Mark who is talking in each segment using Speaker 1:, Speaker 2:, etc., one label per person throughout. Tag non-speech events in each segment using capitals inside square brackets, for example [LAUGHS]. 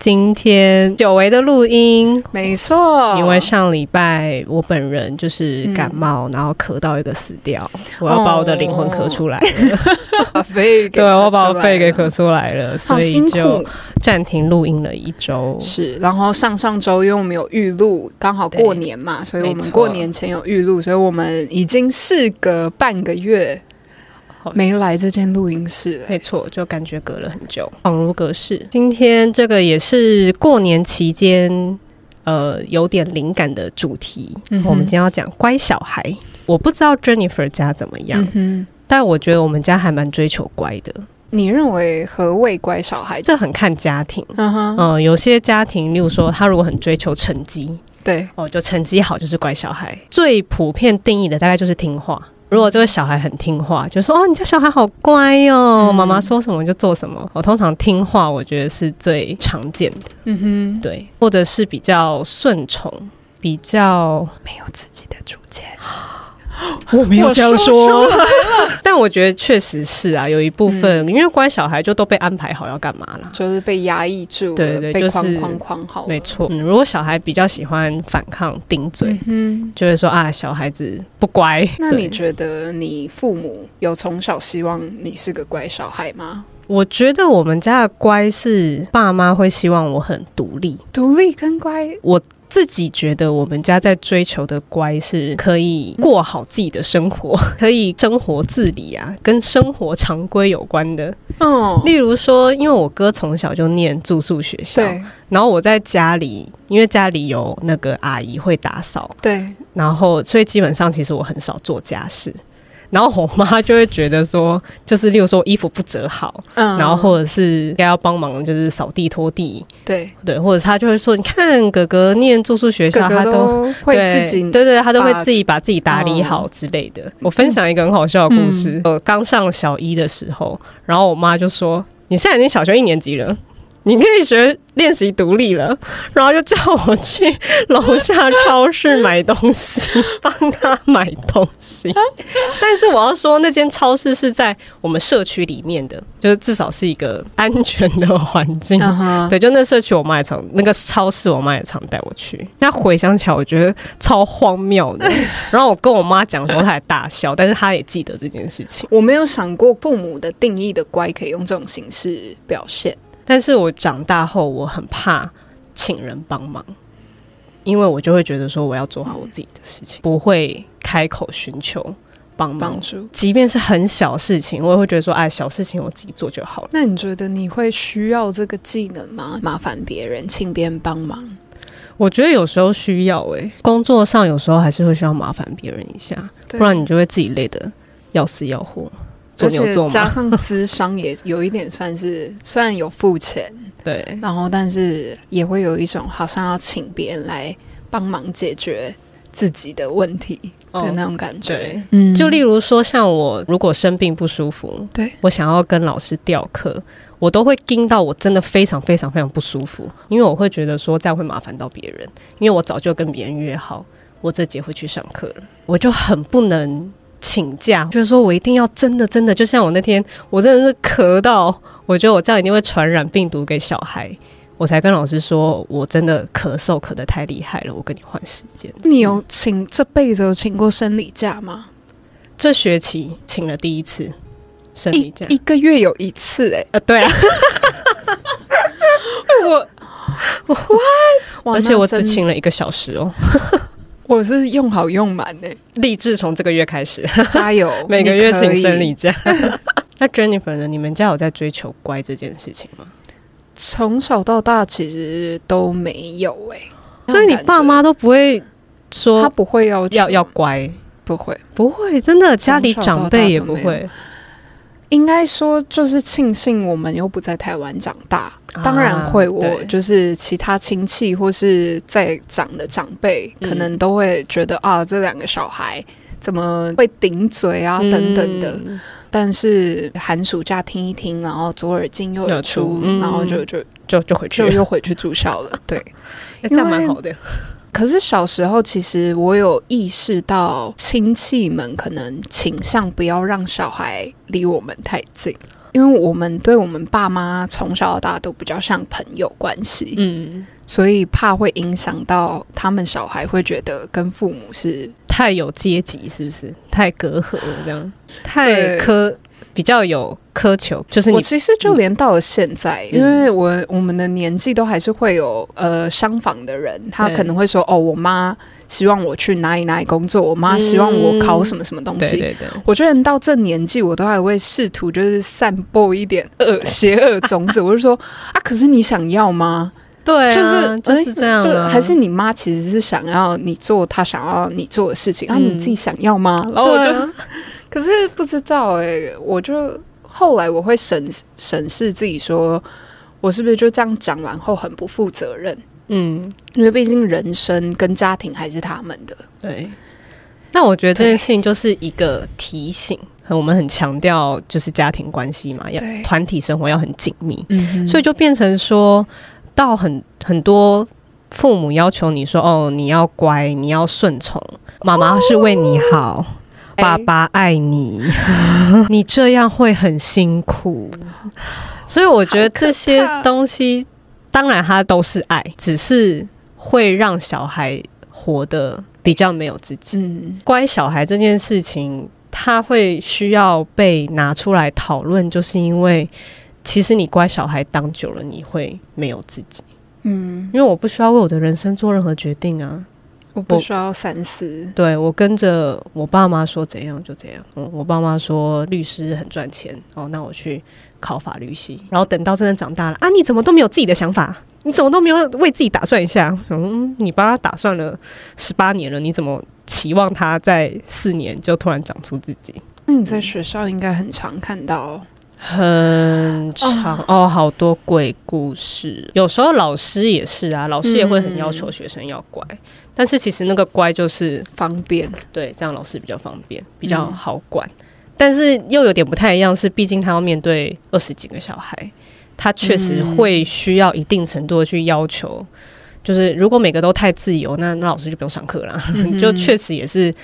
Speaker 1: 今天久違的錄音，沒錯，因為上禮拜我本人就是感冒，嗯，然後咳到一個死掉，嗯，我要把我的靈魂咳出來了，肺，哦， [LAUGHS] [LAUGHS] 對我把我肺給咳出來了，所以就暫停錄音了一周。是，
Speaker 2: 然後上上周因為我們有預錄，剛好過年嘛，所以我們過年前有預錄，所以我們已經事隔半個月。沒來這間錄音室，欸，沒錯，就感覺隔了很久，
Speaker 1: 恍如隔世。今天這個也是過年期間，呃，有點靈感的主題。嗯。我們今天要講乖小孩。我不知道 Jennifer 家怎麼樣，嗯，但我覺得我們家還蠻追求乖的。
Speaker 2: 你認為何謂乖小孩？這
Speaker 1: 很看家庭，嗯哼，嗯，呃，有些家庭，例如說，他如果很追求成績，對，哦，就成績好就是乖小孩。最普遍定義的大概就是聽話。如果這個小孩很聽話，就說哦，你家小孩好乖喲哦。嗯，媽媽說什麼就做什麼。我通常聽話，我覺得是最常見的，嗯哼，對，或者是比較順從，比較沒有自己的主見。我沒有這樣說， [LAUGHS] 但我覺得確實是啊，有一部分、嗯、因為乖小孩就都被安排好要幹嘛了，就
Speaker 2: 是被壓抑住了，對，對對，被框框框好了，
Speaker 1: 就是、沒錯、嗯。如果小孩比較喜歡反抗頂嘴、嗯，就會說啊，小孩子不乖。
Speaker 2: 那你覺得你父母有從小希望你是個乖小孩嗎？
Speaker 1: 我覺得我們家的乖是爸媽會希望我很獨立，獨立跟乖。我。自己覺得我們家在追求的乖是可以過好自己的生活，可以生活自理啊，跟生活常規有關的。哦，例如說，因為我哥從小就念住宿學校，對，然後我在家裡，因為家裡有那個阿姨會打掃，對，然後所以基本上其實我很少做家事。然後我媽就會覺得說，就是例如說衣服不折好，嗯，然後或者是該要幫忙就是掃地拖地，對對，或者她就會說，你看哥哥念住宿學校他，他都會自己，對對，對對，他都會自己把自己打理好之類的。嗯，我分享一個很好笑的故事，嗯，我剛上小一的時候，然後我媽就說，你現在已經小學一年級了。你可以學練習獨立了，然後就叫我去樓下超市買東西，幫 [LAUGHS] 他買東西。但是我要說，那間超市是在我們社區裡面的，就是至少是一個安全的環境。Uh-huh. 對，就那社區，我媽也常那個超市，我媽也常帶我去。那回想起來，我覺得超荒謬的。 [LAUGHS] 然後我跟我媽講的時候，她也大笑，但是她也記得這件事情。我
Speaker 2: 沒有想過，父母的定義的乖可以用這種形式表現。但是
Speaker 1: 我長大後，我很怕請人幫忙，因為我就會覺得說我要做好我自己的事情，嗯、不會開口尋求幫忙幫助。即便是很小事情，我也會覺得說，哎，小事情我自己做就好
Speaker 2: 了。那你覺得你會需要這個技能嗎？麻煩別人，請別人幫忙？
Speaker 1: 我覺得有時候需要哎、欸，工作上有時候還是會需要麻煩別人一下，不然你就會自己累得要死要活。加上
Speaker 2: 諮商也有一點算是， [LAUGHS] 雖然有付錢，對，然後但是也會有一種好像要請別人來幫忙解決自己的問題的、哦、那種感覺。嗯，
Speaker 1: 就例如說像我如果生病不舒服，對，我想要跟老師調課，我都會盯到我真的非常非常非常不舒服，因為我會覺得說這樣會麻煩到別人，因為我早就跟別人約好我這節會去上課了，我就很不能。請假就是說，我一定要真的真的，就像我那天，我真的是咳到，我覺得我這樣一定會傳染病毒給小孩，我才跟老師說，我真的咳嗽咳得太厲害了，我跟你換時間。你有
Speaker 2: 請這輩子有請過生理假嗎？
Speaker 1: 嗯、這學期請了第一次生理假一，一
Speaker 2: 個月有一次、欸，哎、呃，啊對啊， [LAUGHS] [LAUGHS] 我我、What? 而且我只請
Speaker 1: 了一個小時哦、喔。 [LAUGHS]
Speaker 2: 我是用好用滿的、欸，立志從這個月開始加油， [LAUGHS] 每個月請生理假。
Speaker 1: [LAUGHS] [LAUGHS] 那 Jennifer 呢，你們家有在追求乖這件事情嗎？
Speaker 2: 從小到大其實都沒有、欸、所以你爸媽都不會說，他不會要要，要乖？不會不會，真的家裡長輩也不會。應該說就是慶幸我們又不在台灣長大、啊，當然會。我就是其他親戚或是在長的長輩，可能都會覺得、嗯、啊，這兩個小孩怎麼會頂嘴啊等等的、嗯。但是寒暑假聽一聽，然後左耳進右耳出、嗯，然後就就
Speaker 1: 就就回去，又
Speaker 2: 回去住校了。 [LAUGHS] 對、欸，這樣蠻好的。可是小時候，其實我有意識到，親戚們可能傾向不要讓小孩離我們太近，因為我們對我們爸媽從小到大都比較像朋友關係，嗯，所以怕會影響到他們小孩，會覺
Speaker 1: 得跟父母是太有階級，是不是太隔閡了？這樣、啊、
Speaker 2: 太苛。
Speaker 1: 比較有苛求，就是我其
Speaker 2: 實就連到了現在，嗯、因為我我們的年紀都還是會有呃相仿的人、嗯，他可能會說：“哦，我媽希望我去哪裡哪裡工作，嗯、我媽希望我考什麼什麼東西。對對對”我覺得人到這年紀，我都還會試圖就是散播一點惡邪惡種子。我就說：“ [LAUGHS] 啊，可是你想要嗎？”對、啊，就是就是這樣、啊欸、就還是你媽其實是想要你做她想要你做的事情，嗯、啊，你自己想要嗎？然後、哦、我就。 [LAUGHS] 可是不知道誒、欸，我就後來我會審審視自己說，說我是不是就這樣講完後很不負責任？嗯，因為畢竟人生跟家庭還是他們的。對。
Speaker 1: 那我覺得這件事情就是一個提醒，我們很強調就是家庭關係嘛，要團體生活要很緊密。嗯。所以就變成說到很很多父母要求你說哦，你要乖，你要順從，媽媽是為你好。哦。爸爸愛你，嗯、 [LAUGHS] 你這樣會很辛苦，所以我覺得這些東西，當然他都是愛，只是會讓小孩活得比較沒有自己。嗯、乖小孩這件事情，他會需要被拿出來討論，就是因為其實你乖小孩當久了，你會沒有自己。嗯，因為我不需要為我的人生做任何決定啊。我不需
Speaker 2: 要三思。我
Speaker 1: 對我跟着我爸媽說怎樣就怎樣。我、嗯、我爸媽說律師很賺錢哦，那我去考法律系。然後等到真的長大了啊，你怎麼都沒有自己的想法？你怎麼都沒有為自己打算一下？嗯，你幫他打算了十八年了，你怎麼期望他在四年就突然長出自己？
Speaker 2: 那你在學
Speaker 1: 校應該很常看到、哦嗯，很常哦，哦，好多鬼故事。有時候老師也是啊，老師也會很要求學生要乖。嗯但是其實那個乖就是方便，對，這樣老師比較方便，比較好管。嗯、但是又有點不太一樣，是畢竟他要面對二十幾個小孩，他確實會需要一定程度的去要求、嗯。就是如果每個都太自由，那那老師就不用上課了。嗯、 [LAUGHS] 就確實也是。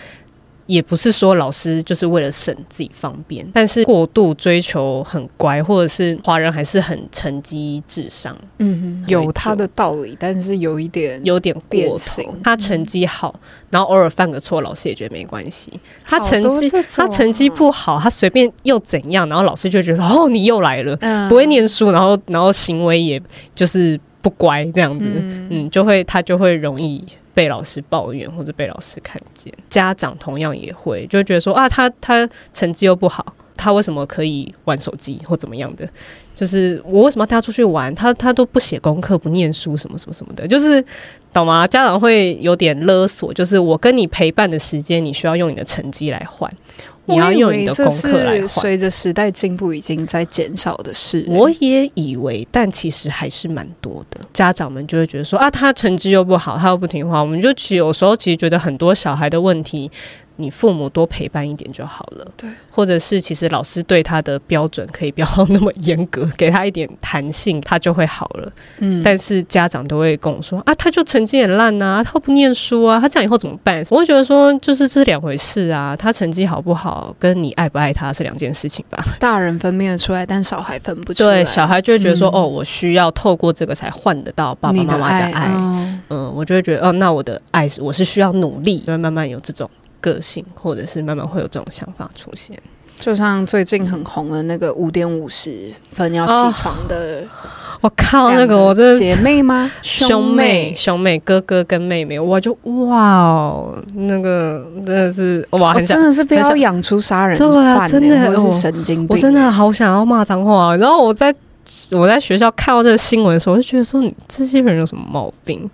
Speaker 1: 也不是說老師就是為了省自己方便，但是過度追求很乖，或者是華人還是很成績至上。嗯，嗯，有他的道理，但是有一點有點過頭。他成績好，然後偶爾犯個錯，老師也覺得沒關係。他成績、啊、他成績不好，他隨便又怎樣？然後老師就覺得哦，你又來了，不會念書，然後然後行為也就是不乖這樣子，嗯，嗯就會他就會容易。被老師抱怨或者被老師看見，家長同樣也會，就會覺得說啊，他他成績又不好，他為什麼可以玩手機或怎麼樣的？就是我為什麼要帶他出去玩？他他都不寫功課、不念書，什麼什麼什麼的，就是懂嗎？家長會有點勒索，就是我跟你陪伴的時間，你需要用你的成績來換。你要用你的功課來換。這是隨着時代進步，已經在減少的事。欸，我也以為，但其實還是蠻多的。家長們就會覺得說啊，他成績又不好，他又不聽話。我們就其實有時候其實覺得很多小孩的問題。你父母多陪伴一點就好了，對，或者是其實老師對他的標準可以不要那麼嚴格，給他一點彈性，他就會好了。嗯，但是家長都會跟我說啊，他就成績也爛啊，他不念書啊，他這樣以後怎麼辦？我會覺得說，就是這是兩回事啊，他成績好不好跟你愛不愛他是兩件事情吧。
Speaker 2: 大人分辨得出來，但小孩分不出來。對，小孩就會覺得說，嗯、哦，
Speaker 1: 我需要透過這個才換得到爸爸媽媽的愛，的愛、哦。嗯，我就會覺得，哦，那我的愛是我是需要努力，就會慢慢有這種。個性，或者是慢慢會有這種想法出現，
Speaker 2: 就像最近很紅的那個五點五十分要起床的，
Speaker 1: 我靠，那個我這姐妹
Speaker 2: 嗎兄妹？兄妹，
Speaker 1: 兄妹，哥哥跟妹妹，我就哇，那個真的是哇，很想 oh, 真的是被他養出殺人犯，對啊，真的，我是神經病，病。我真的好想要罵髒話。然後我在我在學校看到這個新聞的時候，我就覺得說，你這些人有什麼毛病？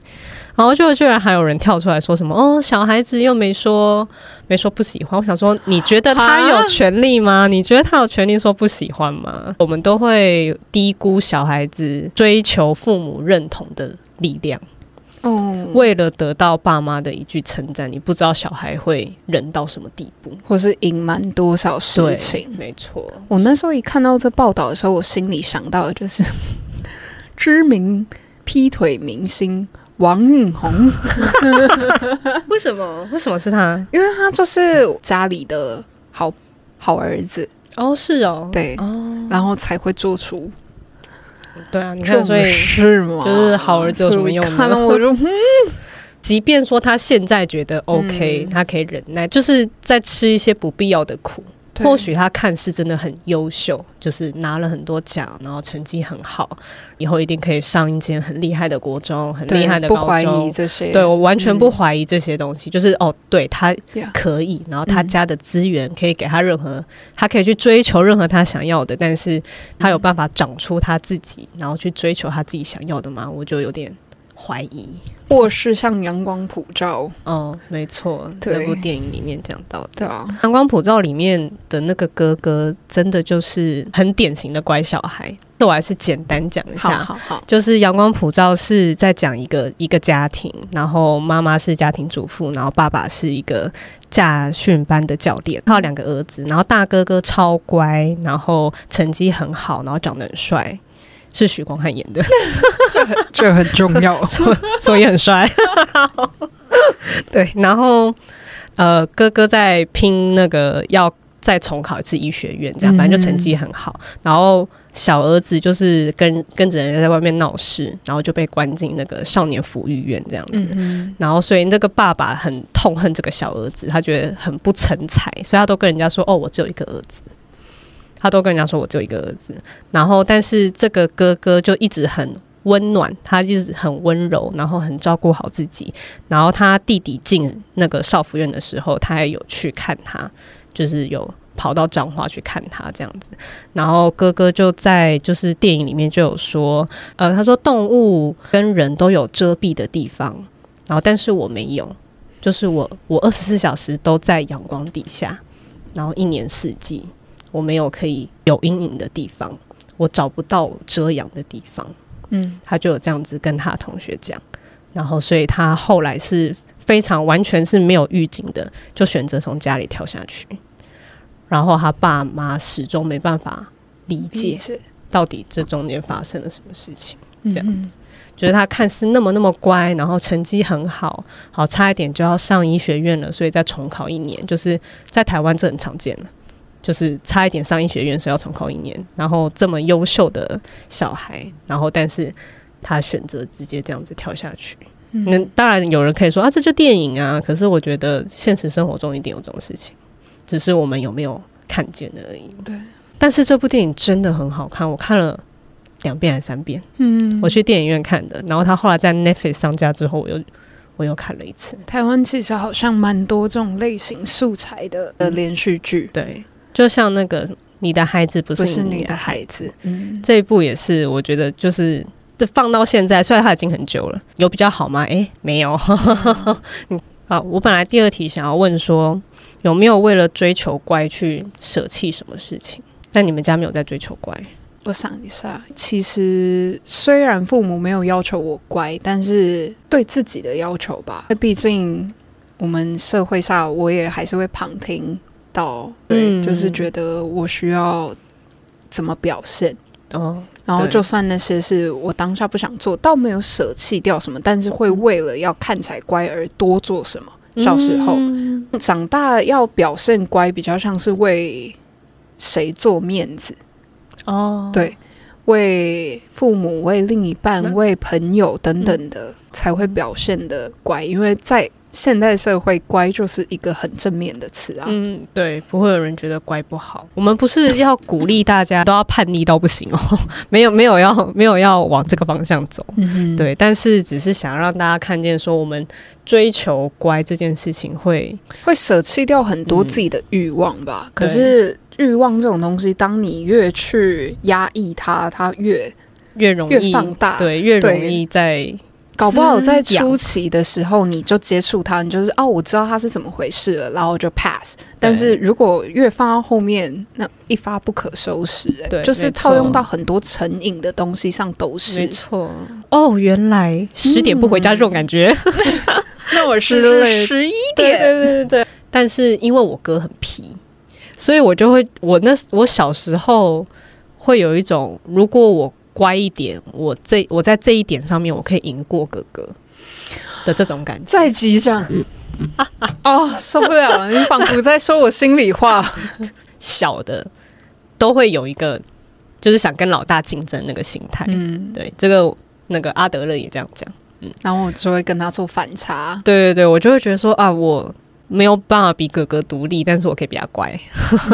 Speaker 1: 然後就居然還有人跳出來說什麼哦，小孩子又沒說沒說不喜歡。我想說，你覺得他有權利嗎？啊？你覺得他有權利說不喜歡嗎？我們都會低估小孩子追求父母認同的力量。哦，為了得到爸媽的一句稱讚，你不知道小孩會忍到什麼地步，
Speaker 2: 或是隱瞞多少事情。沒錯，我那時候一看到這報道的時候，我心裡想到的就是知名劈腿明星。王蘊紅，
Speaker 1: [LAUGHS] [LAUGHS] 為什麼？為什麼是他？
Speaker 2: 因為他就是家裡的好好兒子哦，是哦，對，哦、然後才會做出，
Speaker 1: 對啊，你看，所以是嗎？就是好兒子有什麼用呢？我就，嗯，即便說他現在覺得 OK，、嗯、他可以忍耐，就是在吃一些不必要的苦。或許他看似真的很優秀，就是拿了很多獎，然後成績很好，以後一定可以上一間很厲害的國中，很厲害的高中。不懷疑這些，對，我完全不懷疑這些東西。嗯、就是哦，對，他可以，然後他家的資源可以給他任何、嗯，他可以去追求任何他想要的。但是他有辦法長出他自己，然後去追求他自己想要的嗎？我就有點。懷
Speaker 2: 疑或是像陽光普照。哦，
Speaker 1: 沒錯，這部電影裡面講到的，陽光普照裡面的那個哥哥，真的就是很典型的乖小孩。那我還是簡單講一下，好好好，就是陽光普照是在講一個一個家庭，然後媽媽是家庭主婦，然後爸爸是一個駕訓班的教練，他有兩個兒子，然後大哥哥超乖，然後成績很好，然後長得很帥。是許光漢演的， [LAUGHS] 這很重要 [LAUGHS] 所、所以很帥。 [LAUGHS] 對，然後呃，哥哥在拼那個要再重考一次醫學院，這樣反正、嗯、就成績很好。然後小兒子就是跟跟着人家在外面鬧事，然後就被關進那個少年福利院這樣子嗯嗯。然後所以那個爸爸很痛恨這個小兒子，他覺得很不成才，所以他都跟人家說：“哦，我只有一個兒子。”他都跟人家說，我只有一個兒子。然後，但是這個哥哥就一直很溫暖，他一直很溫柔，然後很照顧好自己。然後他弟弟進那個少輔院的時候，他也有去看他，就是有跑到彰化去看他這樣子。然後哥哥就在就是電影裡面就有說，呃，他說，動物跟人都有遮蔽的地方，然後但是我沒有，就是我我二十四小時都在陽光底下，然後一年四季。我沒有可以有陰影的地方，我找不到遮陽的地方。嗯，他就有這樣子跟他同學講，然後所以他後來是非常完全是沒有預警的，就選擇從家裡跳下去。然後他爸媽始終沒辦法理解到底這中間發生了什麼事情，這樣子覺得、就是、他看似那麼那麼乖，然後成績很好，好差一點就要上醫學院了，所以再重考一年，就是在台灣這很常見了。就是差一點上醫學院，是要重考一年。然後這麼優秀的小孩，然後但是他選擇直接這樣子跳下去。那、嗯、當然有人可以說啊，這就是電影啊。可是我覺得現實生活中一定有這種事情，只是我們有沒有看見而已。對。但是這部電影真的很好看，我看了兩遍還是三遍。嗯。我去電影院看的，然後他後來在 Netflix 上架之後，我又我又看了一次。
Speaker 2: 台灣其實
Speaker 1: 好像蠻多這種類型素材的的連續劇。嗯、對。就像那個你的孩子不是你,孩不是你的孩子、嗯，這一步也是我覺得就是這放到現在，雖然他已經很久了，有比較好嗎？誒、欸，沒有。嗯， [LAUGHS] 好，我本來第二題想要問說有沒有為了追求乖去捨棄什麼事情？但你們家沒有在追求乖。
Speaker 2: 我想一下，其實雖然父母沒有要求我乖，但是對自己的要求吧，畢竟我們社會上我也還是會旁聽。到對、嗯，就是覺得我需要怎麼表現、哦、然後就算那些是我當下不想做，倒沒有捨棄掉什麼，但是會為了要看起來乖而多做什麼。小、嗯、時候長大要表現乖，比較像是為誰做面子哦。對，為父母、為另一半、嗯、為朋友等等的，嗯、才會表現得乖，因為在。現代社會，乖就是一個很正面的詞啊。嗯，
Speaker 1: 對，不會有人覺得乖不好。我們不是要鼓勵大家都要叛逆到不行哦，沒有，沒有要，沒有要往這個方向走。嗯，對，但是只是想讓大家看見，說我們追求乖這件事情會，
Speaker 2: 會會捨棄掉很多自己
Speaker 1: 的慾望吧。嗯，可是
Speaker 2: 慾望這種東西，當你越去壓抑它，它越
Speaker 1: 越容易越放大，對，越容易在。
Speaker 2: 搞不好在初期的時候你就接觸他，你就是哦，我知道他是怎麼回事了，然後就 pass。但是如果越放到後面，那一發不可收拾、欸。對，就是套用到很多成癮的東西上都是。
Speaker 1: 沒錯。哦，原來十點不回家這種感覺，嗯、 [LAUGHS] [LAUGHS] 那我是十一點。對,對對對對對。但是因為我哥很皮，所以我就會我那我小時候會有一種，如果我。乖一點，我這我在這一點上面，我可以贏過哥哥的這種感覺。再擊掌，
Speaker 2: [LAUGHS] 哦受不了！你仿佛在說我心裡話。
Speaker 1: [LAUGHS] 小的都會有一個，就是想跟老大競爭那個心態。嗯，對，這個那個阿德勒也這樣講。
Speaker 2: 嗯，然後我就會跟他做反差。對
Speaker 1: 對對，我就會覺得說啊，我。沒有辦法比哥哥獨立，但是我可以比他乖，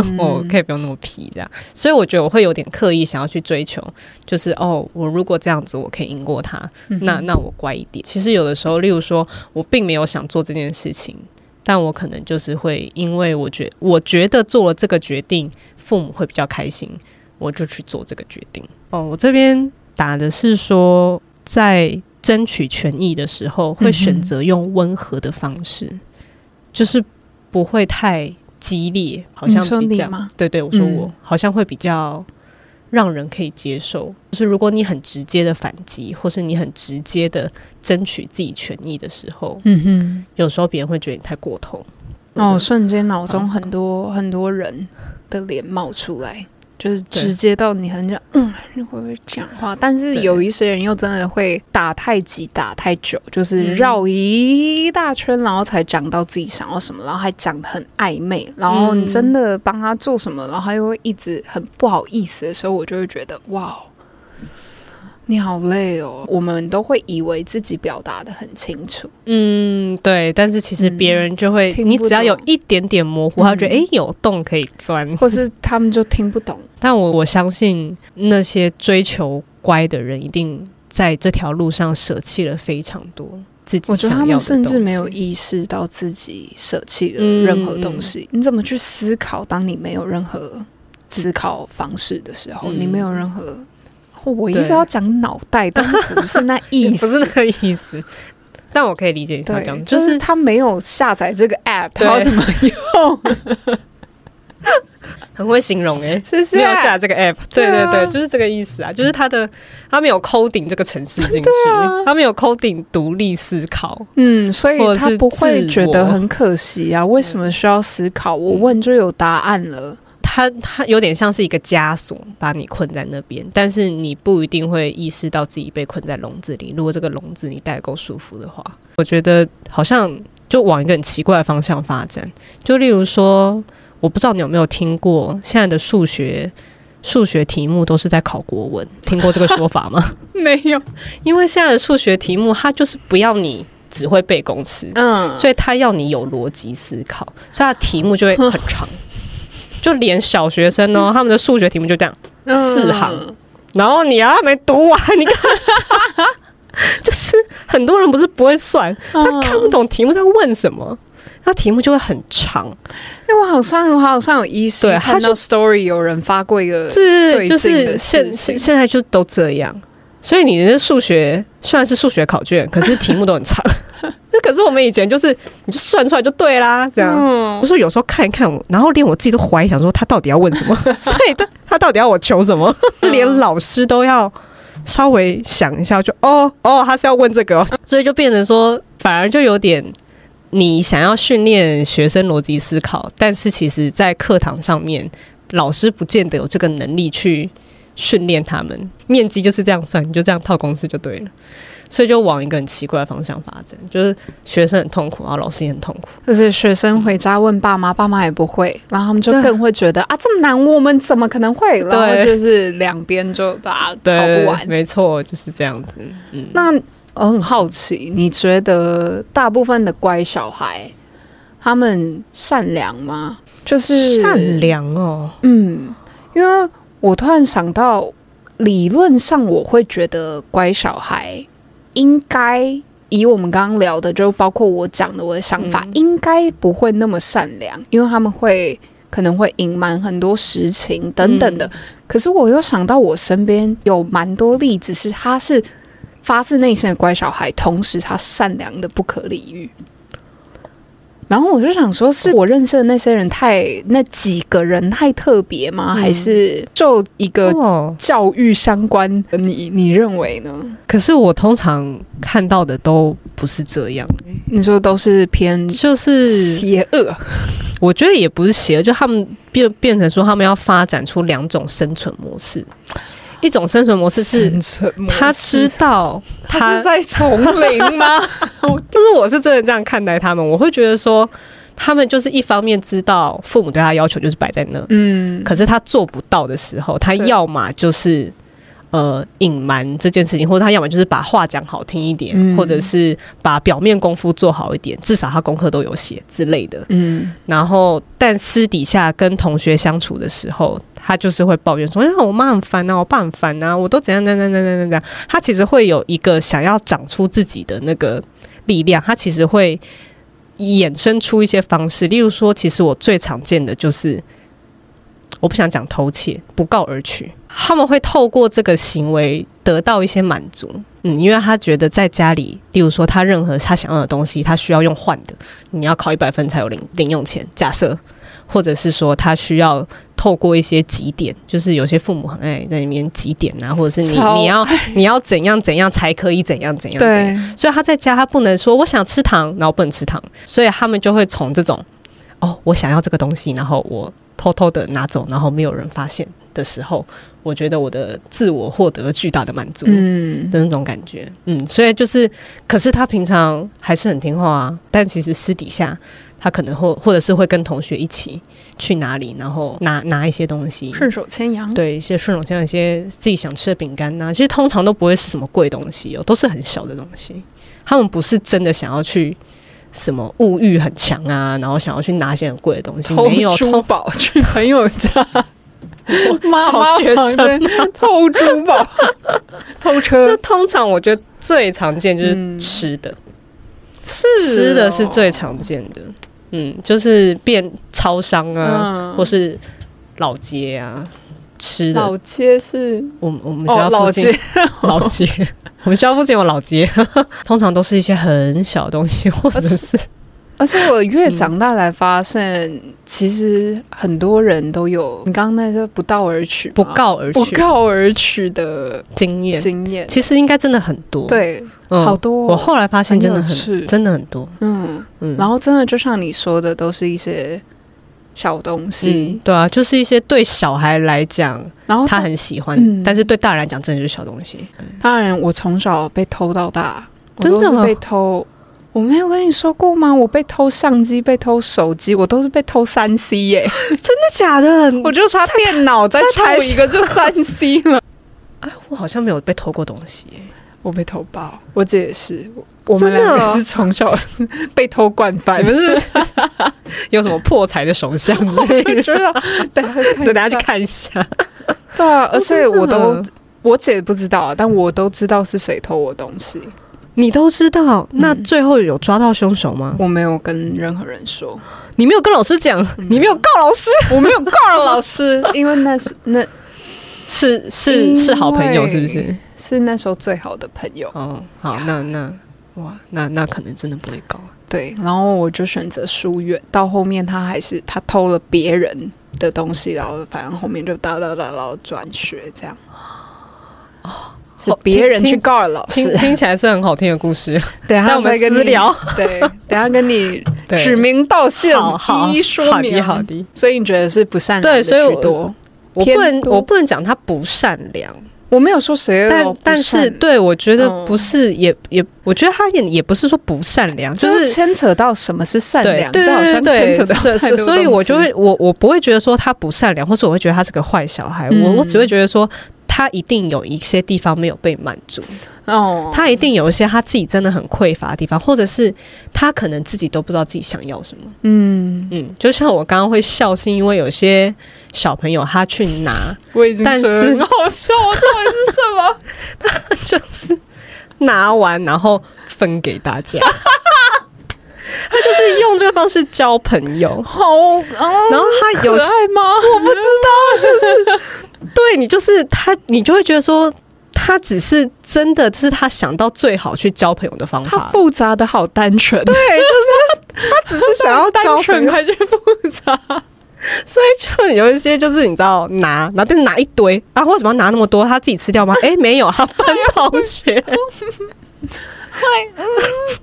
Speaker 1: 嗯、 [LAUGHS] 我可以不用那麼皮這樣，所以我覺得我會有點刻意想要去追求，就是哦，我如果這樣子我可以贏過他，嗯、那那我乖一點。其實有的時候，例如說我並沒有想做這件事情，但我可能就是會因為我覺我覺得做了這個決定，父母會比較開心，我就去做這個決定。哦，我這邊打的是說，在爭取權益的時候，會選擇用溫和的方式。嗯就是不會太激烈，好像比較你說你嗎？對，對對，我說我、嗯、好像會比較讓人可以接受。就是如果你很直接的反擊，或是你很直接的爭取自己權益的時候，嗯哼，有時候別人會覺得你太過頭。
Speaker 2: 那我、哦、瞬間腦中很多、嗯、很多人的臉冒出來。就是直接到你很想，嗯，你會不會講話？但是有一些人又真的會打太極打太久，就是繞一大圈，然後才講到自己想要什麼，然後還講得很曖昧，然後你真的幫他做什麼，然後他又會一直很不好意思的時候，我就會覺得哇。你好累哦，我們都會以為自己表達得很清楚，
Speaker 1: 嗯，對，但是其實別人就會、嗯聽，你只要有一點點模糊，嗯、他就覺得哎、欸、有洞可以鑽，或是
Speaker 2: 他們就聽不懂。
Speaker 1: 但我我相信那些追求乖的人，一定在這條路上舍棄了非常多自己想要的。我覺得他們甚至沒有
Speaker 2: 意識到自己舍棄了任何東西，嗯。你怎麼去思考？當你沒有任何思考方式的時候，嗯、你沒有任何。我一直要講腦袋，但不是那意思， [LAUGHS] 不是那
Speaker 1: 個意思。但我可以理解他講、就是，就是
Speaker 2: 他沒有下載這個 app，他要怎麼用？
Speaker 1: [LAUGHS] 很會形容哎、欸是是啊，沒有下載這個 app 對、啊。對對對，就是這個意思啊，就是他的他沒有 coding 這個程式進去、啊，他沒有 coding 獨立思考、啊。嗯，所以他不會覺得很
Speaker 2: 可惜啊？為什麼需要思考？我問就有答案了。
Speaker 1: 它它有點像是一個枷鎖，把你困在那邊，但是你不一定會意識到自己被困在籠子裡。如果這個籠子你待夠舒服的話，我覺得好像就往一個很奇怪的方向發展。就例如說，我不知道你有沒有聽過，現在的數學數學題目都是在考國文，聽過這個說法嗎？沒有，因為現在的數學題目，它就是不要你只會背公式，嗯，所以它要你有邏輯思考，所以它題目就會很長。呵呵就連小學生哦、喔嗯，他們的數學題目就這樣四、嗯、行，然後你啊沒讀完，你看， [LAUGHS] 就是很多人不是不會算，他看不懂題目在問什麼，那題目就會很長。
Speaker 2: 嗯、因為我好像我好像有醫生，對，他就，看到
Speaker 1: story 有人發過一個，是就是現現現在就都這樣。所以你的數學雖然是數學考卷，可是題目都很長。 [LAUGHS] 可是我們以前就是你就算出來就對啦，這樣。我、嗯就是、說有時候看一看我，然後連我自己都懷疑，想說他到底要問什麼？ [LAUGHS] 所以他他到底要我求什麼、嗯？連老師都要稍微想一下，就哦哦，哦，他是要問這個。所以就變成說，反而就有點你想要訓練學生邏輯思考，但是其實在課堂上面，老師不見得有這個能力去。訓練他們，面積就是這樣算，你就這樣套公式就對了，所以就往一個很奇怪的方向發展，就是學生很痛苦，然後老師也很痛苦，
Speaker 2: 就是學生回家問爸媽、嗯，爸媽也不會，然後他們就更會覺得啊這麼難，我們怎麼可能會？然後就是兩邊就把他吵不完，
Speaker 1: 沒錯就是這樣子。嗯、
Speaker 2: 那我很好奇，你覺得大部分的乖小孩他們善良嗎？就是善良哦，嗯，因為。我突然想到，理論上我會覺得乖小孩應該以我們剛剛聊的，就包括我講的我的想法，嗯、應該不會那麼善良，因為他們會可能會隱瞞很多實情等等的、嗯。可是我又想到我身邊有蠻多例子，是他是發自內心的乖小孩，同時他善良的不可理喻。然後我就想說，是我認識的那些人太那幾個人太特別嗎？嗯、還是就一個教育相關的、哦？你你認為呢？可是
Speaker 1: 我通常看到的都不是這樣。
Speaker 2: 嗯、你說都是偏就是
Speaker 1: 邪惡？就是、我覺得也不是邪惡，就他們變變成說，他們要發展出兩種生存模式。一種生存模式是，他知道他是在叢林嗎？不 [LAUGHS] 但是，我是真的這樣看待他們。我會覺得說，他們就是一方面知道父母對他要求就是擺在那，嗯，可是他做不到的時候，他要麼就是。呃，隱瞞這件事情，或者他要麼就是把話講好聽一點，嗯，或者是把表面功夫做好一點，至少他功課都有寫之類的。嗯，然後但私底下跟同學相處的時候，他就是會抱怨說：“哎呀，我媽很煩啊，我爸很煩啊，我都怎樣怎樣怎樣怎樣。”他其實會有一個想要長出自己的那個力量，他其實會衍生出一些方式。例如說，其實我最常見的就是。我不想講偷竊，不告而取。他們會透過這個行為得到一些滿足，嗯，因為他覺得在家裡，例如說他任何他想要的東西，他需要用換的。你要考一百分才有零零用錢，假設，或者是說他需要透過一些集點，就是有些父母很愛在裡面集點啊，或者是你你要你要怎樣怎樣才可以怎樣怎樣。對，所以他在家他不能說我想吃糖，然後不能吃糖，所以他們就會從這種，哦，我想要這個東西，然後我。偷偷的拿走，然後沒有人發現的時候，我覺得我的自我獲得了巨大的滿足，嗯的那種感覺嗯，嗯，所以就是，可是他平常還是很聽話啊，但其實私底下他可能或或者是會跟同學一起去哪裡，然後拿拿一些東西，順
Speaker 2: 手牽羊，對，
Speaker 1: 一些順手牽羊，一些自己想吃的餅乾啊，其實通常都不會是什麼貴東西哦，都是很小的東西，他們不是真的想要去。什麼物欲很強啊，然後想要去拿一些很貴的東西，偷珠
Speaker 2: 寶，很有這樣，小學生、啊、
Speaker 1: 偷珠寶，偷車。那 [LAUGHS] 通常我覺得最常見就是吃的，
Speaker 2: 是、嗯、吃的是
Speaker 1: 最常見的，哦，嗯，就是變超商啊，嗯，或是老街啊，吃的。老街是我們我們學校附近，哦，老街。老街 [LAUGHS] 我們家不僅有老街，通常都是一些很小的東西，或者
Speaker 2: 是而……而且我越長大才發現、嗯，其實很多人都有你剛剛那個不道而取、
Speaker 1: 不告而取不告
Speaker 2: 而取的經驗。經驗其
Speaker 1: 實應該真的很多，對，
Speaker 2: 嗯、好多、哦。我後來發現，真的很，很，真的很多。嗯嗯，然後真的就像你說的，都是一些。小東西、嗯，
Speaker 1: 對啊，就是一些對小孩來講，然後他，他很喜歡、嗯，但是對大人來講，真的是小東西。
Speaker 2: 當然，我從小被偷到大，真的被偷。我沒有跟你說過嗎？我被偷相機，被偷手機，我都是被偷三 C 耶！真的假的？ [LAUGHS] 我就說他電腦再偷一個就三 C
Speaker 1: 嘛。我好像沒有被偷過東西、欸。
Speaker 2: 我被偷包，我這也是我們倆也是從小被偷慣犯的、啊，你們 [NOISE] 是不是
Speaker 1: 有什麼破財的手相之類？
Speaker 2: 就是這樣笑等大家去看一下，對啊，而且我都我姐不知道，但我都知道是誰偷我的東西。
Speaker 1: 你都知道，那最後有抓到凶手嗎、嗯？我沒有跟任何人說，你沒有跟老師講，你沒有告老師，嗯、我沒有
Speaker 2: 告老師，因為那是那，是是是好朋友，是不是？是那時候最好的朋友。
Speaker 1: 哦，好，那那。哇，那那可能真的不會搞
Speaker 2: 對，然後我就選擇疏遠。到後面他還是他偷了別人的東西，然後反正後面就噠噠噠，然後轉學這樣。
Speaker 1: 哦，是別人去告老師聽聽聽聽，聽起來是很好聽的故事。等 [LAUGHS] 下我們私聊。對，
Speaker 2: 等下跟你指名
Speaker 1: 道姓，好好滴，好滴，所以你覺得是不善良對，的居多？所以我,我不能，我不能講他不善良。我沒有說誰，但但是，對我覺得不是，也、哦、也，我覺得他也也不是說不善良，就是牽、就是、扯到什麼是善良，對，對，對，對，好像牽扯到太多東西。所以，我就會我我不會覺得說他不善良，或是我會覺得他是個壞小孩。我、嗯、我只會覺得說他一定有一些地方沒有被滿足，哦，他一定有一些他自己真的很匱乏的地方，或者是他可能自己都不知道自己想要什麼。嗯嗯，就像我剛剛會笑，是因為有些。小朋友，他去拿，
Speaker 2: 我已經但是很好笑，這是什麼？他就
Speaker 1: 是拿完然後分給大家， [LAUGHS] 他就是用這個方式交朋友，
Speaker 2: 好，哦、然後他可愛嗎？
Speaker 1: 我不知道，就是 [LAUGHS] 對你，就是他，你就會覺得說，他只是真的，就是他想到最好去交朋友的方法，他複雜的好單純，對，就是
Speaker 2: 他，他只是想要交朋友，他單
Speaker 1: 純還是複雜？所以就有一些就是你知道拿拿就是拿一堆啊，為什麼要拿那麼多？他自己吃掉嗎？哎、欸，沒有，他分同學。哎 [LAUGHS] 哎嗯、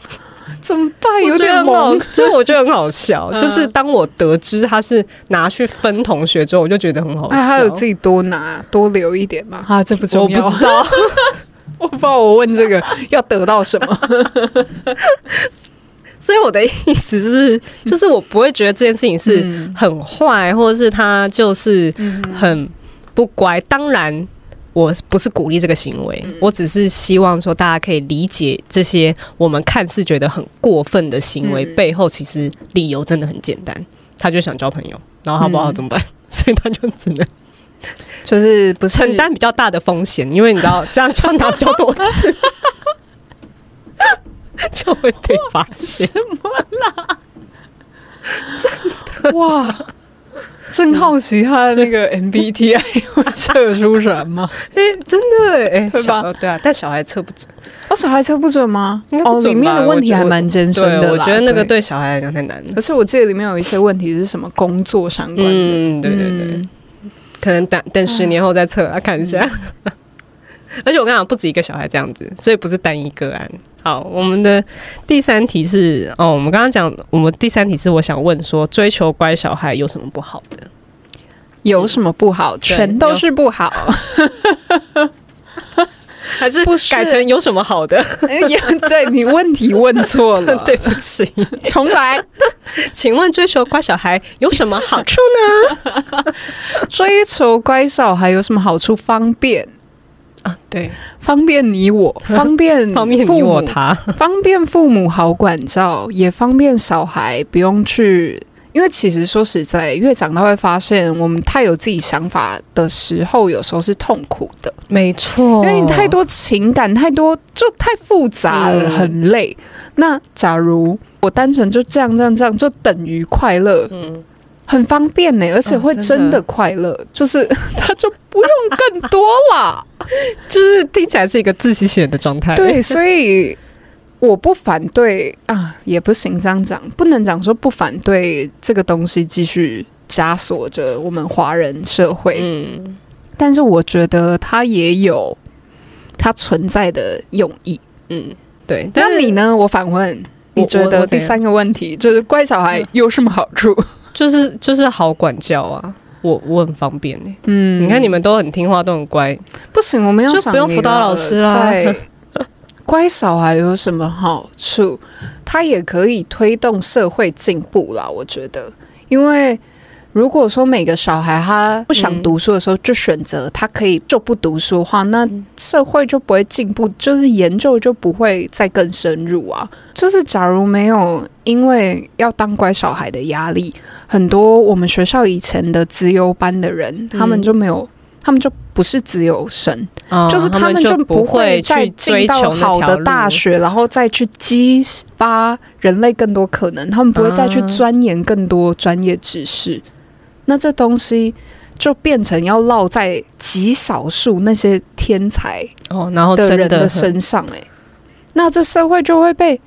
Speaker 2: 怎麼辦？有點懵。就我
Speaker 1: 我覺得很好笑，嗯，就是當我得知他是拿去分同學之後，我就覺得很好笑。他、哎、有自
Speaker 2: 己多拿多留一點嗎？啊，這不知道，我不知道。
Speaker 1: [LAUGHS] 我不知道，我問這個
Speaker 2: [LAUGHS] 要得到什麼？ [LAUGHS]
Speaker 1: 所以我的意思是，就是我不會覺得這件事情是很壞，嗯、或者是他就是很不乖。當然，我不是鼓勵這個行為、嗯，我只是希望說大家可以理解這些我們看似覺得很過分的行為、嗯、背後，其實理由真的很簡單。他就想交朋友，然後他不知道怎麼辦、嗯，所以他就只能就是不是承擔比較大的風險， [LAUGHS] 因為你知道這樣撞比較多次。 [LAUGHS] [LAUGHS] 就會被發現，
Speaker 2: [LAUGHS] 真的、啊、哇！真好奇他的那個 MBTI 會
Speaker 1: 測出什麼？哎，真的哎、欸，對吧小？對啊，但小孩測不準，
Speaker 2: 我、哦、小孩測不準嗎不準？哦，裡面的問題還蠻真深的我我。我覺得那個
Speaker 1: 對小孩來講太難了，
Speaker 2: 而且 [LAUGHS] 我記得裡面有一些問題是什麼工作相關的、嗯。對對對，嗯、可能等
Speaker 1: 等十年後再測啊，啊，看一下。 [LAUGHS] 而且我剛剛不止一個小孩這樣子，所以不是單一個案。好，我們的第三題是哦，我們剛剛講，我們第三題是我想問說，追求乖小孩有什麼不好的？
Speaker 2: 有什麼不好？嗯、全都是不
Speaker 1: 好。 [LAUGHS] 還
Speaker 2: 是改成
Speaker 1: 有什麼好的？也、哎、對你問題問錯了， [LAUGHS] 對不起，重來。請問追求乖小孩有什麼好處呢？ [LAUGHS] 追求乖
Speaker 2: 小孩有什麼好處？方便。啊、對，方便你我，方便父母 [LAUGHS] 方便你我他，方便父母好管教，也方便小孩不用去。因為其實說實在，越長大會發現，我們太有自己想法的時候，有時候是痛苦的。沒錯，因為你太多情感，太多就太複雜了，很累，嗯。那假如我單純就這樣這樣這樣，就等於快樂。嗯很方便呢、欸，而且會真的快樂，哦，就是他就不用更多了， [LAUGHS] 就
Speaker 1: 是聽起來是一個自己選的狀態。對，所
Speaker 2: 以我不反對啊，也不行這樣講，不能講說不反對這個東西繼續枷鎖着我們華人社會。嗯，但是我覺得它也有它存在的用意。嗯，
Speaker 1: 對。
Speaker 2: 那你呢？我反問，你覺得第三個問題就是乖小孩
Speaker 1: 有什麼好處？嗯就是就是好管教啊，我我很方便呢、欸。嗯，你看你們都很聽話，都很乖。不行，我沒有想，就不用輔導老師啦。
Speaker 2: 乖小孩有什麼好處？ [LAUGHS] 他也可以推動社會進步啦，我覺得，因為。如果說每個小孩他不想讀書的時候就選擇他可以就不讀書的話、嗯，那社會就不會進步，就是研究就不會再更深入啊。就是假如沒有因為要當乖小孩的壓力，很多我們學校以前的資優班的人、嗯，他們就沒有，他們就不是資優生，就是他們就不會再進到好的大學、嗯，然後再去激發人類更多可能，他們不會再去鑽研更多專業知識。那這東西就變成要落在極少數那些天才的的、
Speaker 1: 欸、哦，然後的人的身上哎，
Speaker 2: 那這社會就會被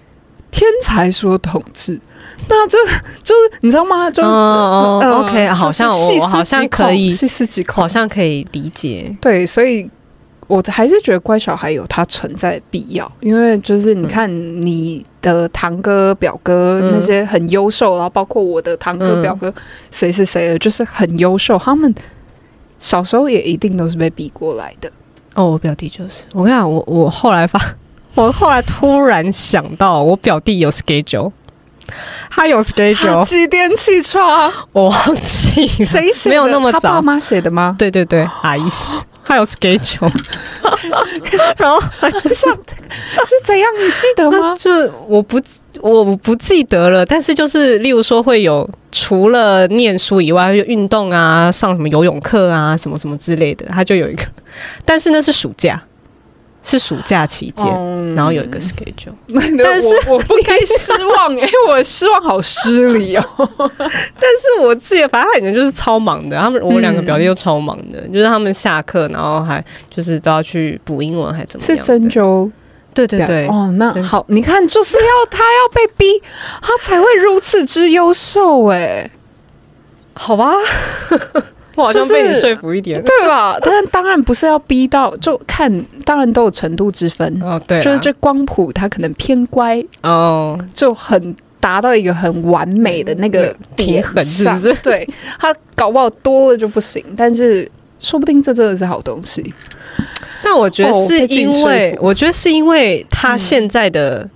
Speaker 2: 天才所統治。那這就是你知道嗎？就、哦呃哦、OK，就是好像我，我好像可以，
Speaker 1: 細思極恐，好像可以理解。
Speaker 2: 對，所以。我還是覺得乖小孩有他存在的必要，因為就是你看你的堂哥表哥那些很優秀，嗯，然後包括我的堂哥表哥誰是誰的，嗯、就是很優秀，他們小時候也一定都是被逼過來的。
Speaker 1: 哦，我表弟就是，我跟你講，我我後來發，我後來突然想到，我表弟有 schedule。他有 schedule，、啊、幾點起床？我忘記了。誰寫？沒有那麼早。他爸媽寫的嗎？對對對，阿姨寫。他有 schedule， [LAUGHS] [LAUGHS] 然後他就像、是、是， [LAUGHS] 是怎樣？你記得嗎？就是我不我不記得了，但是就是例如說會有除了念書以外，就運動啊，上什麼游泳課啊，什麼什麼之類的，他就有一個。但是那是暑假。是暑假期間，um, 然後有一個 schedule，但是我，我不該失望哎、欸， [LAUGHS] 我失望好失禮哦、喔。 [LAUGHS] 但是我記得，反正他以前就是超忙的，他們、嗯、我兩個表弟又超忙的，就是他們下課然後還就是都要去補英文還是怎
Speaker 2: 麼樣的？是針灸？對對對，對。哦，那好，你看就是要他要被逼，他才會如此之優秀哎、欸，好吧。 [LAUGHS]
Speaker 1: 就是好像被你說服一點、就是，對吧？
Speaker 2: [LAUGHS] 但當然不是要逼到，就看當然都有程度之分哦。對、啊，就是這光譜它可能偏乖哦，就很達到一個很完美的那個
Speaker 1: 平衡，平衡是不是？對，
Speaker 2: 它搞不好多了就不行， [LAUGHS] 但是說不定這真的是好東西。
Speaker 1: 那我覺得是因為，哦、我,我覺得是因為他現在的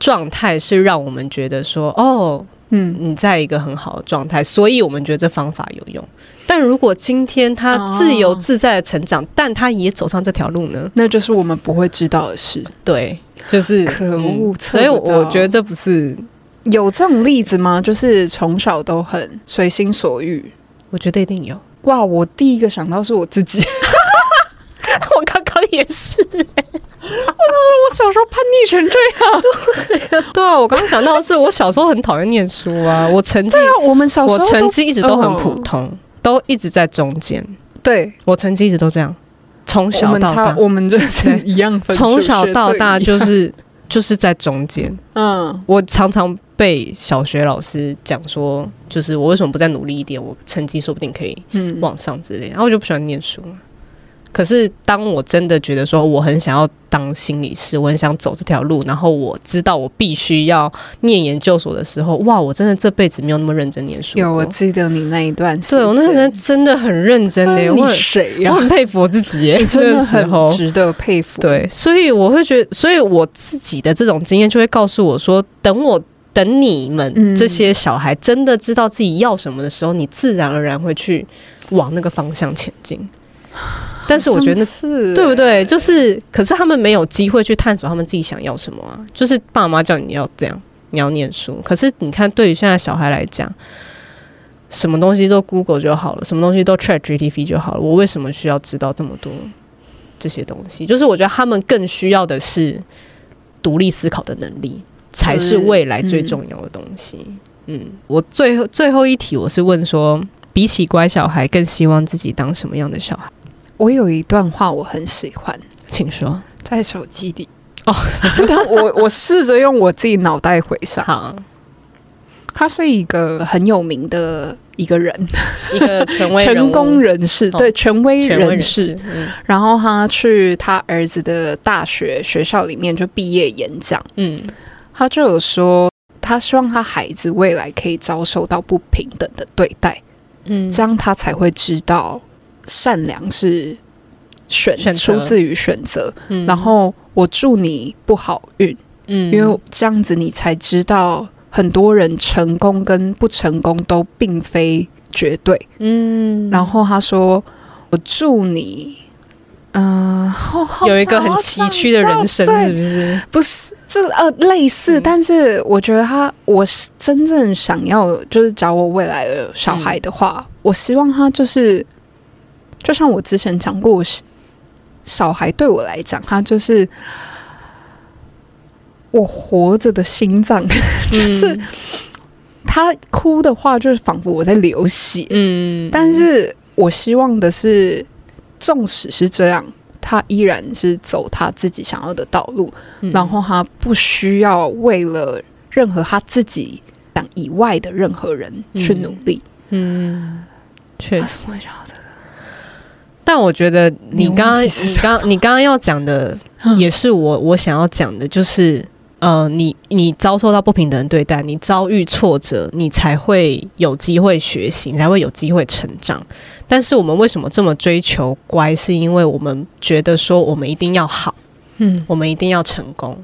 Speaker 1: 狀態是讓我們覺得說，嗯、哦，嗯，你在一個很好的狀態，所以我們覺得這方法有用。但如果今天他自由自在的成長、哦，但他也走上這條路呢？那就是我們不會知道的事。對，就是可惡、嗯。所以我覺得這不是
Speaker 2: 有這種例子嗎？就是從小都很隨心所欲。我覺得一定有。哇，我第一個想到是我自
Speaker 1: 己。 [LAUGHS] [LAUGHS] [LAUGHS] 我剛剛也是、欸。 [LAUGHS] [LAUGHS] 我小時候叛逆成這樣。 [LAUGHS] [LAUGHS] 對啊，我剛剛想到的是，我小時候很討厭念書啊。我成績、啊……我們小時候成績一直都很普通。哦都一直在中間，對，我成績一直都這樣，從小到大我，我們
Speaker 2: 就是一樣，分一樣，從小到大就是
Speaker 1: 就是在中間。
Speaker 2: 嗯，
Speaker 1: 我常常被小學老師講說，就是我為什麼不再努力一點，我成績說不定可以往上之類，嗯。然後我就不喜歡念書。可是，當我真的覺得說我很想要當心理師，我很想走這條路，然後我知道我必須要念研究所的時候，哇！我真的這輩子沒有那麼認真念書。有，
Speaker 2: 我記得你那一段時間。對，我那時候真的很認真嘞、欸啊，誰呀，我很佩
Speaker 1: 服我自己、欸，真的很值得
Speaker 2: 佩服、這個。對，
Speaker 1: 所以我會覺得，所以我自己的這種經驗就會告訴我說，等我等你們這些小孩真的知道自己要什麼的時候，嗯、你自然而然會去往那個方向前進。但是我覺得是、欸，對不對？就是，可是他們沒有機會去探索他們自己想要什麼啊。就是爸媽叫你要這樣，你要念書。可是你看，對於現在小孩來講，什麼東西都 Google 就好了，什麼東西都 Chat GPT 就好了。我為什麼需要知道這麼多這些東西？就是我覺得他們更需要的是獨立思考的能力，才是未來最重要的東西。嗯，嗯，我最後最後一題，我是問說，比起乖小孩，更希望自己當什麼樣的小孩？
Speaker 2: 我有一段話我很喜歡，請說，在手機裡哦。但 [LAUGHS] 我我試着用我自己腦袋回想。他是一個很有名的一個人，一個權威 [LAUGHS] 成功人士，哦、對權威人士,權威人士、嗯。然後他去他兒子的大學學校裡面就畢業演講，嗯，他就有說，他希望他孩子未來可以遭受到不平等的對待，嗯，這樣他才會知道。善良是選出自於選擇，然後我祝你不好運，嗯，因為這樣子你才知道，很多人成功跟不成功都並非絕對，嗯。然後他說，我祝你，嗯，有一個很崎嶇的人生，是不是？不是，就是呃類似，但是我覺得他，我是真正想要就是找我未來的小孩的話，我希望他就是。就像我之前講過，我小孩對我來講，他就是我活着的心臟， [LAUGHS] 就是、嗯、他哭的話，就是仿佛我在流血、嗯。但是我希望的是，縱使是這樣，他依然是走他自己想要的道路，嗯、然後他不需要為了任何他自己以外的任何人去努力。嗯，確、嗯、實。啊
Speaker 1: 但我覺得你剛剛你剛你剛剛要講的也是我，嗯，我想要講的，就是呃，你你遭受到不平等對待，你遭遇挫折，你才會有機會學習，你才會有機會成長。但是我們為什麼這麼追求乖？是因為我們覺得說我們一定要好，嗯，我們一定要成功。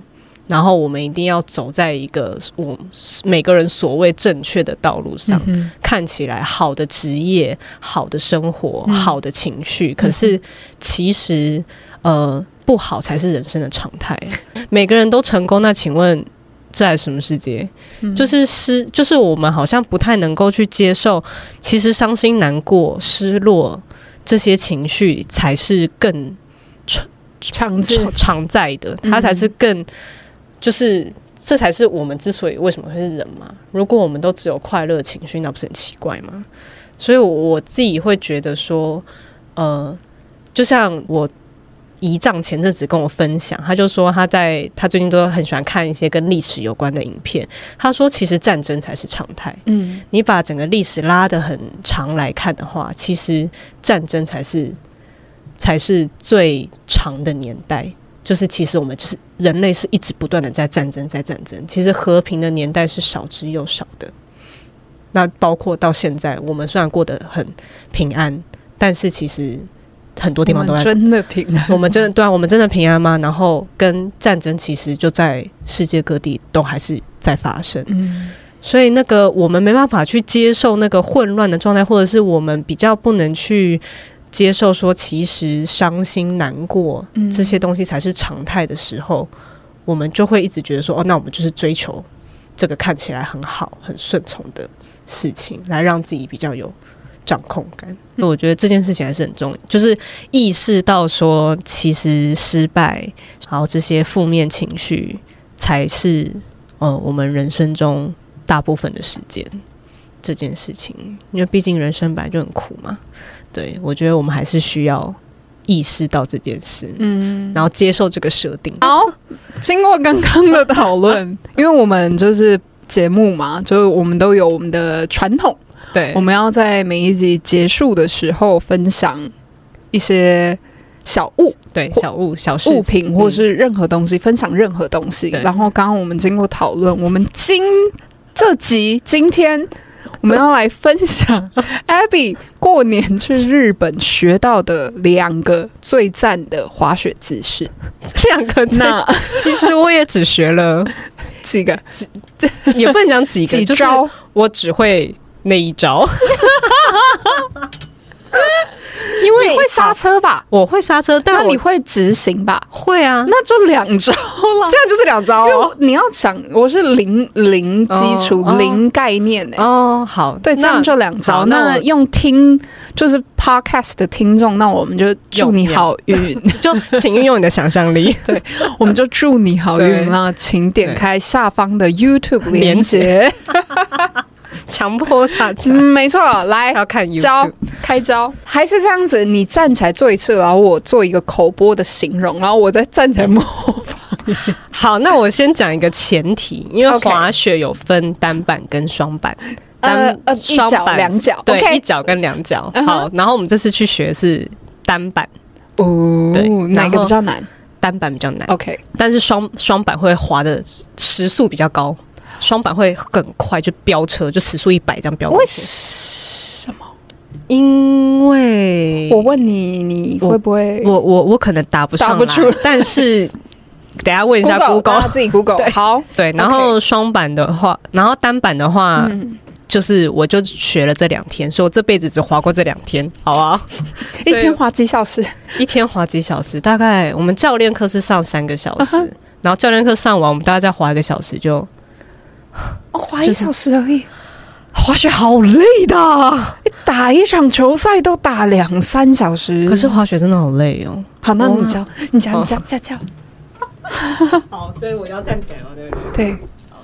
Speaker 1: 然後我們一定要走在一個我每個人所謂正確的道路上，嗯，看起來好的職業、好的生活、嗯，好的情緒，嗯，可是其實呃不好才是人生的常態。嗯。每個人都成功，那請問在什麼世界？嗯。就是失，就是我們好像不太能夠去接受，其實傷心、難過、失落這些情緒才是更常常、常、常在的，嗯，它才是更。就是這才是我們之所以為什麼會是人嘛？如果我們都只有快樂情緒，那不是很奇怪嗎？所以我，我自己會覺得說，呃，就像我姨丈前陣子跟我分享，他就說他在他最近都很喜歡看一些跟歷史有關的影片。他說，其實戰爭才是常態。嗯，你把整個歷史拉得很長來看的話，其實戰爭才是才是最長的年代。就是，其實我們就是人類，是一直不斷的在戰爭，在戰爭。其實和平的年代是少之又少的。那包括到現在，我們雖然過得很平安，但是其實很多地方都在，我們真的平安。我們真的對啊，我們真的平安嗎？然後跟戰爭其實就在世界各地都還是在發生。嗯，所以那個我們沒辦法去接受那個混亂的狀態，或者是我們比較不能去。接受說，其實傷心、難過這些東西才是常態的時候，嗯，我們就會一直覺得說，哦，那我們就是追求這個看起來很好、很順從的事情，來讓自己比較有掌控感。那、嗯、我覺得這件事情還是很重要，就是意識到說，其實失敗，然後這些負面情緒才是，呃，我們人生中大部分的時間這件事情，因為畢竟人生本來就很苦嘛。對，我覺得我們還是需要意識到這件事，嗯，然後接受這個設定。好，
Speaker 2: 經過剛剛的討論， [LAUGHS] 因為我們就是節目嘛，就是我們都有我們的傳統，對，我們要在每一集結束的時候分享一些小物，對，
Speaker 1: 對小物小物品、嗯、或是任
Speaker 2: 何東西，分享任何東西。然後剛剛我們經過討論，我們今這集今天。 [NOISE] 我們要來分享 Abby 過年去日本學到的兩個最贊的
Speaker 1: 滑雪姿勢，這兩個呢，那其實我也只學了幾個，幾也不能講幾個，幾招就是我只會那一招。 [LAUGHS] [LAUGHS] 因為你會剎車
Speaker 2: 吧，我會剎車，但你會執行吧？會啊，那就兩招了，這樣就是兩招。哦。因為你要想，我是零零基礎、哦、零概念，欸、哦、哦。好，對，這樣就兩招。那、那、那用聽就是 podcast 的聽眾，那我們就祝你好運。 [LAUGHS] 就請運用你的想象力， [LAUGHS] 對，我們就祝你好運啦，請點開下方的 YouTube 連結。 [LAUGHS] 結 [LAUGHS] 強迫大家，嗯、沒錯，來，要看招，開招，還是這樣子，你站起來做一次，然後我做一個口播的形容，然後我再站起來模仿。
Speaker 1: [LAUGHS] 好，那我先講一個前提，因為滑雪有分單板跟雙板，單、
Speaker 2: okay. 呃，雙、呃、板兩腳，對，okay. 一
Speaker 1: 腳跟兩腳、嗯。好，然後我們這次去學是單板。哦單板，哪個比較難？單板比較難。OK，但是雙雙板會滑的時速比較高。雙板會很快就飆車，就時速一百這樣飆車。為什麼？因為我問你你會不會？我我我,我可能答不上來，出來但是 [LAUGHS] 等下問一下 Google, Google [LAUGHS] 等一下自己 Google 對好對。然後雙板的話、okay，然後單板的話、嗯，就是我就學了這兩天，所以我這輩子只滑過這兩天，好啊
Speaker 2: [LAUGHS] 一。一天滑幾小時？
Speaker 1: 一天滑幾小時？大概我們教練課是上三個小時，uh -huh、然後教練課上完，我們大概再滑一個小時就。
Speaker 2: 哦、滑一小時而已，滑雪好累的，你打一場球賽都打兩三小時。可是滑雪真的好累哦。好，那你教，哦，你教，哦，你教，教教，哦。好，
Speaker 1: 所以我要站起來
Speaker 2: 了，
Speaker 1: 對不對，對？好，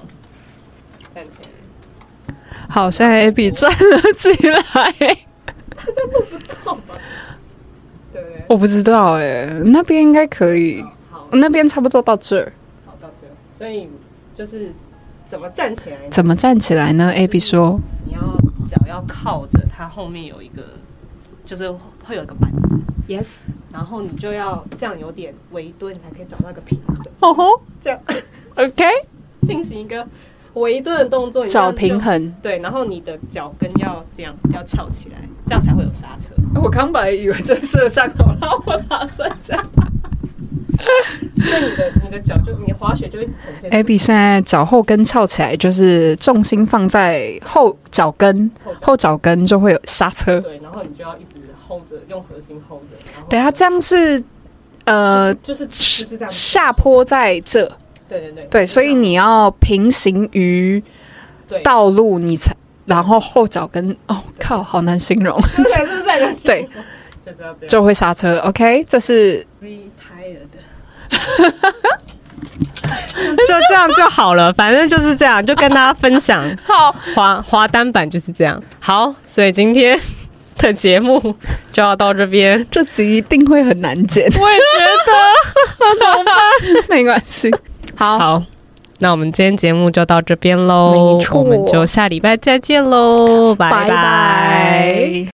Speaker 1: 站
Speaker 2: 起來。好，現在 A B 站了起來。 [LAUGHS] 不知道對，我不知道哎，欸，那邊應該可以。我那邊差不多到這兒。好，到這
Speaker 1: 兒。所以就是。怎麼
Speaker 2: 站起來？怎麼站起來呢？AB 說，你
Speaker 1: 要腳要靠着它後面有一個，就是會有一個板子。Yes，然後你就要這樣有點微蹲，你才可以找到個平衡。哦吼，這樣 OK，進行一個微蹲的動作，找平衡。對，然後你的腳跟要這樣要翹起來，這樣才會有剎車。我剛本來以為這是攝像頭，然後我打算，哈哈
Speaker 2: 現。Abby 現在腳後跟翹起來，就是重心放在後腳跟，後腳跟就會有剎車。對，然後你就要一直
Speaker 1: hold 著，用核心 hold 著，然後一直 hold 著。
Speaker 2: 等下，這樣是，呃，就是、就是、就是這樣，下坡在這。對對對。對，所以你要平行於道路，你才然後後腳跟，哦靠，好難形容。 [LAUGHS] 對，對，是不是還難形容對，對，就會剎車。
Speaker 1: OK，這是。 [LAUGHS] 就這樣就好了， [LAUGHS] 反正就是這樣，就跟大家分享。 [LAUGHS] 好，滑滑單板就是這樣。好，所以今天的節目就要到這邊。 [LAUGHS] 這集一定會很難剪，我也覺得，好 [LAUGHS] 吧 [LAUGHS] 怎麼辦， [LAUGHS] 沒關係。好， [LAUGHS] 好，那我們今天節目就到這邊嘍，我們就下禮拜再見嘍，拜拜。Bye bye